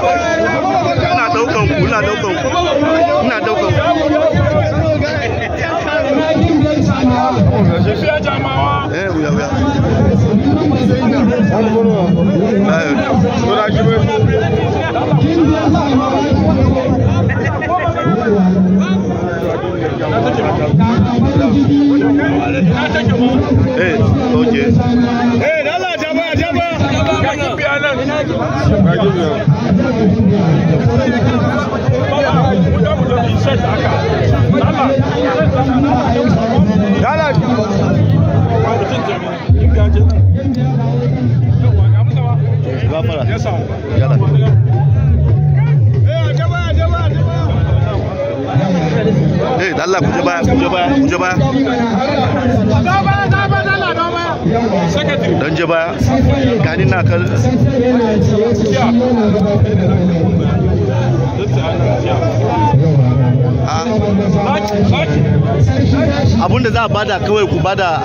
ina daukan ku ina daukan ku ina daukan ku eh uya uya Eh, oye. Eh, dala jaba jaba. Kaki pianan. Eh, eh Allah kuje baya, kuje baya, kuje baya. Dan je na kal. Abun da za a bada kawai ku bada.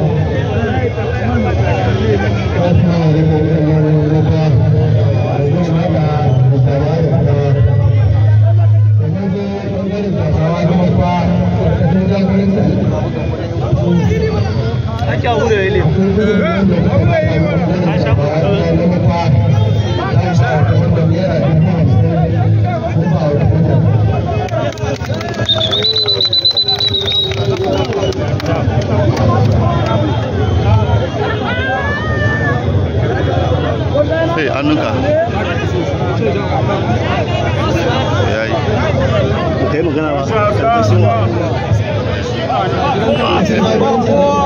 hannunka yayi kai magana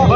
ba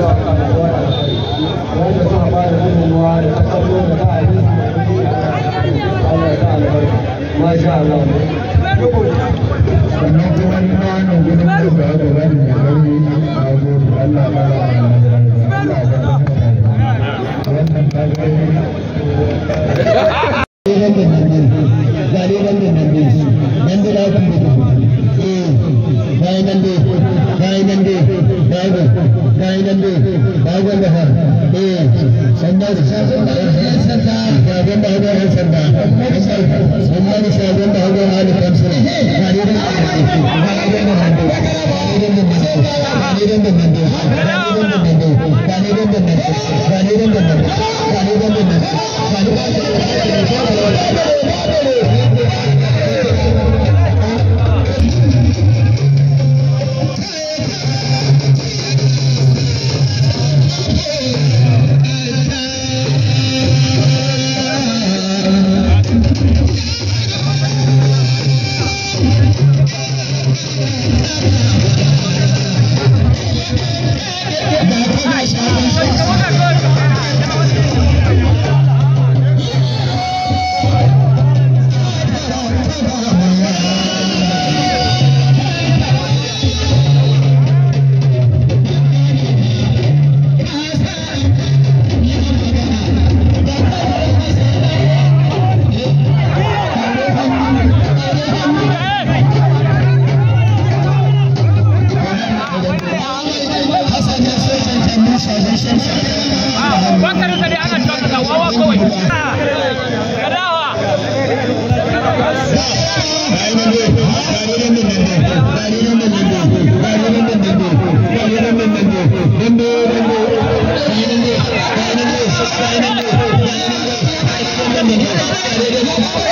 da Thank you. Come on!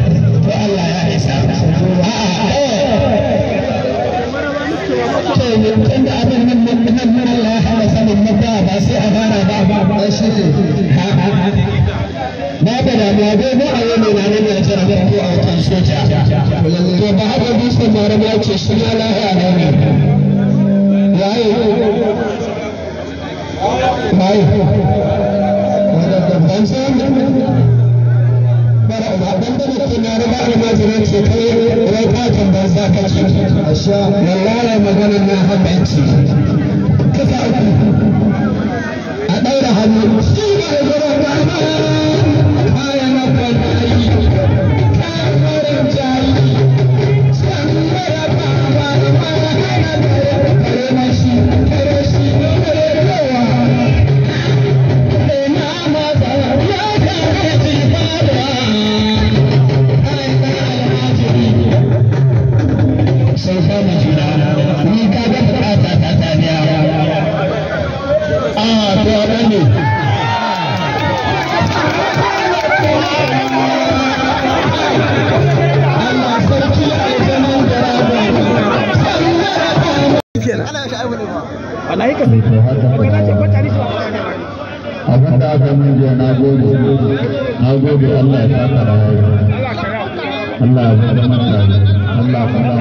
shi ke ba ka damuwa bai ba a yau mai da ko a watan soja to ba haka mara ma ce shi ma lahiya ne ne yayi yayi wadda babban sai ce kai wai ka ka wallahi maganar na haka kasa Hallelujah. abin da aka min jiya ya saka